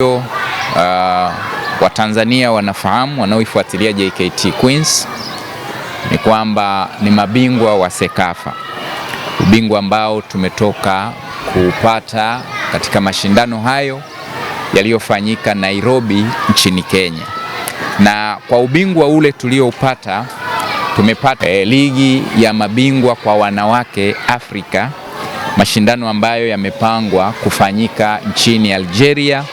Uh, Watanzania wanafahamu wanaoifuatilia JKT Queens ni kwamba ni mabingwa wa Sekafa, ubingwa ambao tumetoka kuupata katika mashindano hayo yaliyofanyika Nairobi nchini Kenya, na kwa ubingwa ule tulioupata tumepata eh, ligi ya mabingwa kwa wanawake Afrika, mashindano ambayo yamepangwa kufanyika nchini Algeria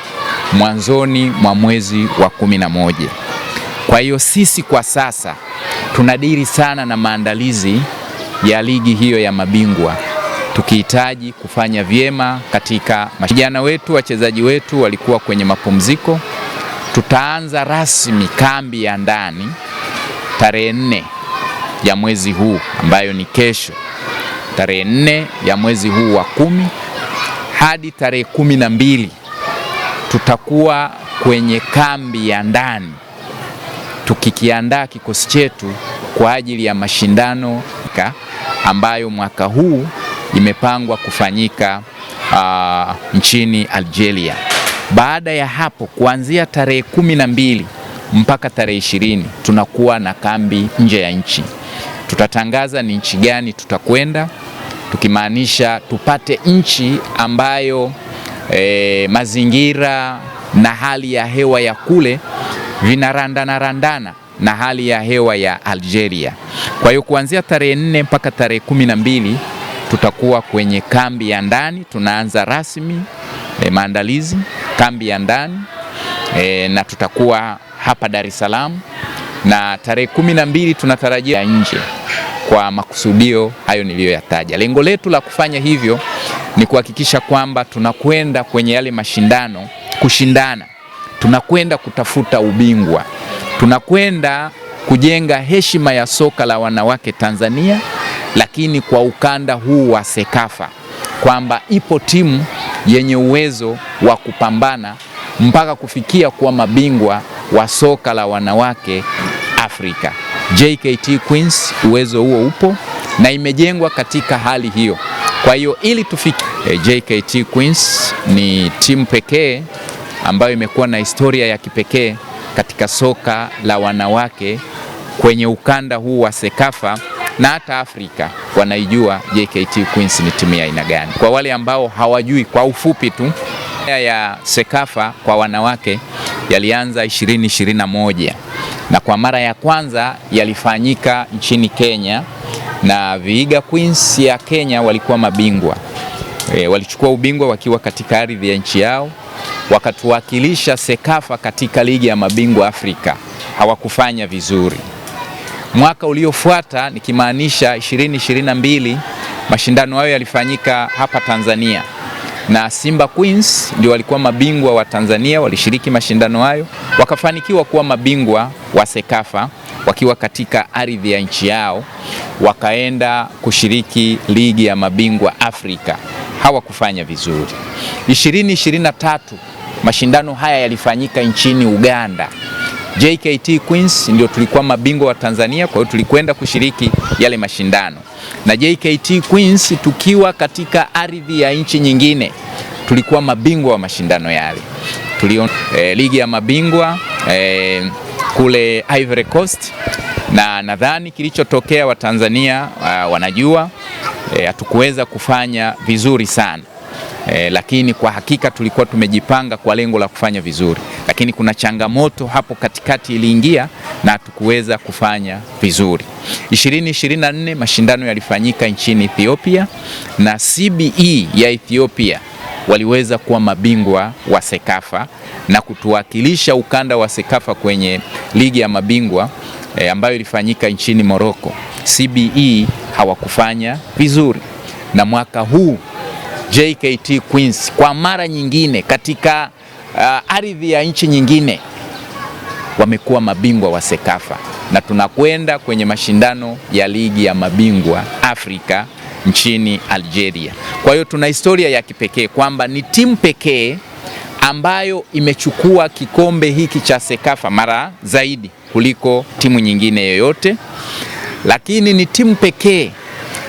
mwanzoni mwa mwezi wa kumi na moja. Kwa hiyo sisi kwa sasa tunadiri sana na maandalizi ya ligi hiyo ya mabingwa tukihitaji kufanya vyema katika vijana wetu. Wachezaji wetu walikuwa kwenye mapumziko. Tutaanza rasmi kambi ya ndani tarehe nne ya mwezi huu ambayo ni kesho, tarehe nne ya mwezi huu wa kumi hadi tarehe kumi na mbili tutakuwa kwenye kambi ya ndani tukikiandaa kikosi chetu kwa ajili ya mashindano ambayo mwaka huu imepangwa kufanyika uh, nchini Algeria. Baada ya hapo kuanzia tarehe kumi na mbili mpaka tarehe ishirini tunakuwa na kambi nje ya nchi. Tutatangaza ni nchi gani tutakwenda, tukimaanisha tupate nchi ambayo e, mazingira na hali ya hewa ya kule vinarandana randana na hali ya hewa ya Algeria. Kwa hiyo kuanzia tarehe nne mpaka tarehe kumi na mbili tutakuwa kwenye kambi ya ndani, tunaanza rasmi e, maandalizi kambi ya ndani e, na tutakuwa hapa Dar es Salaam, na tarehe kumi na mbili tunatarajia nje kwa makusudio hayo niliyoyataja. Lengo letu la kufanya hivyo ni kuhakikisha kwamba tunakwenda kwenye yale mashindano kushindana, tunakwenda kutafuta ubingwa, tunakwenda kujenga heshima ya soka la wanawake Tanzania, lakini kwa ukanda huu wa Sekafa kwamba ipo timu yenye uwezo wa kupambana mpaka kufikia kuwa mabingwa wa soka la wanawake Afrika. JKT Queens uwezo huo upo na imejengwa katika hali hiyo. Kwa hiyo ili tufike eh, JKT Queens ni timu pekee ambayo imekuwa na historia ya kipekee katika soka la wanawake kwenye ukanda huu wa Sekafa na hata Afrika wanaijua JKT Queens ni timu ya aina gani. Kwa wale ambao hawajui, kwa ufupi tu ya Sekafa kwa wanawake yalianza 2021 na kwa mara ya kwanza yalifanyika nchini Kenya na Viiga Queens ya Kenya walikuwa mabingwa e, walichukua ubingwa wakiwa katika ardhi ya nchi yao, wakatuwakilisha Sekafa katika ligi ya mabingwa Afrika. Hawakufanya vizuri mwaka uliofuata, nikimaanisha 2022 mashindano hayo yalifanyika hapa Tanzania na Simba Queens ndio walikuwa mabingwa wa Tanzania, walishiriki mashindano hayo wakafanikiwa kuwa mabingwa wa Sekafa wakiwa katika ardhi ya nchi yao, wakaenda kushiriki ligi ya mabingwa Afrika hawakufanya vizuri. 2023 mashindano haya yalifanyika nchini Uganda. JKT Queens ndio tulikuwa mabingwa wa Tanzania, kwa hiyo tulikwenda kushiriki yale mashindano na JKT Queens tukiwa katika ardhi ya nchi nyingine, tulikuwa mabingwa wa mashindano yale. Tulio eh, ligi ya mabingwa eh, kule Ivory Coast na nadhani kilichotokea Watanzania uh, wanajua eh, hatukuweza e, kufanya vizuri sana e, lakini kwa hakika tulikuwa tumejipanga kwa lengo la kufanya vizuri, lakini kuna changamoto hapo katikati iliingia na hatukuweza kufanya vizuri. 2024 mashindano yalifanyika nchini Ethiopia na CBE ya Ethiopia waliweza kuwa mabingwa wa Sekafa na kutuwakilisha ukanda wa Sekafa kwenye ligi ya mabingwa e, ambayo ilifanyika nchini Morocco, CBE hawakufanya vizuri, na mwaka huu JKT Queens kwa mara nyingine katika uh, ardhi ya nchi nyingine wamekuwa mabingwa wa Sekafa na tunakwenda kwenye mashindano ya ligi ya mabingwa Afrika nchini Algeria. Kwa hiyo tuna historia ya kipekee kwamba ni timu pekee ambayo imechukua kikombe hiki cha Sekafa mara zaidi kuliko timu nyingine yoyote, lakini ni timu pekee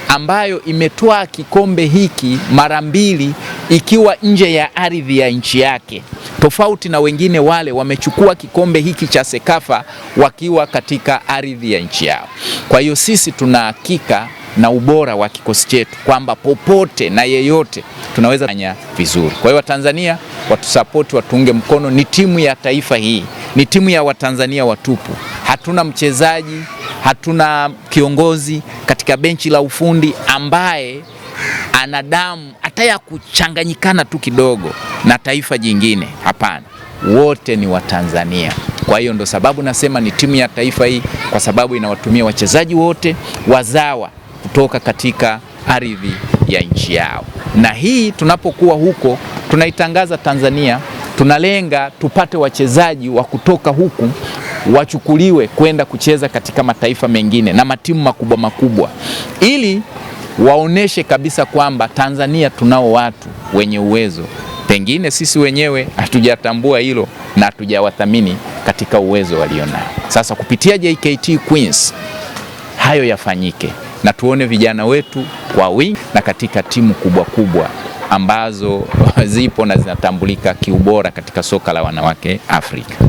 ambayo imetoa kikombe hiki mara mbili ikiwa nje ya ardhi ya nchi yake, tofauti na wengine wale wamechukua kikombe hiki cha Sekafa wakiwa katika ardhi ya nchi yao. Kwa hiyo sisi tuna hakika na ubora wa kikosi chetu kwamba popote na yeyote tunaweza fanya vizuri. Kwa hiyo Watanzania watusapoti, watuunge mkono. Ni timu ya taifa hii, ni timu ya Watanzania watupu. Hatuna mchezaji, hatuna kiongozi katika benchi la ufundi ambaye ana damu hata ya kuchanganyikana tu kidogo na taifa jingine. Hapana, wote ni Watanzania. Kwa hiyo ndo sababu nasema ni timu ya taifa hii, kwa sababu inawatumia wachezaji wote wazawa kutoka katika ardhi ya nchi yao, na hii tunapokuwa huko tunaitangaza Tanzania, tunalenga tupate wachezaji wa kutoka huku wachukuliwe kwenda kucheza katika mataifa mengine na matimu makubwa makubwa, ili waoneshe kabisa kwamba Tanzania tunao watu wenye uwezo. Pengine sisi wenyewe hatujatambua hilo na hatujawathamini katika uwezo walionao. Sasa kupitia JKT Queens hayo yafanyike na tuone vijana wetu kwa wingi na katika timu kubwa kubwa ambazo zipo na zinatambulika kiubora katika soka la wanawake Afrika.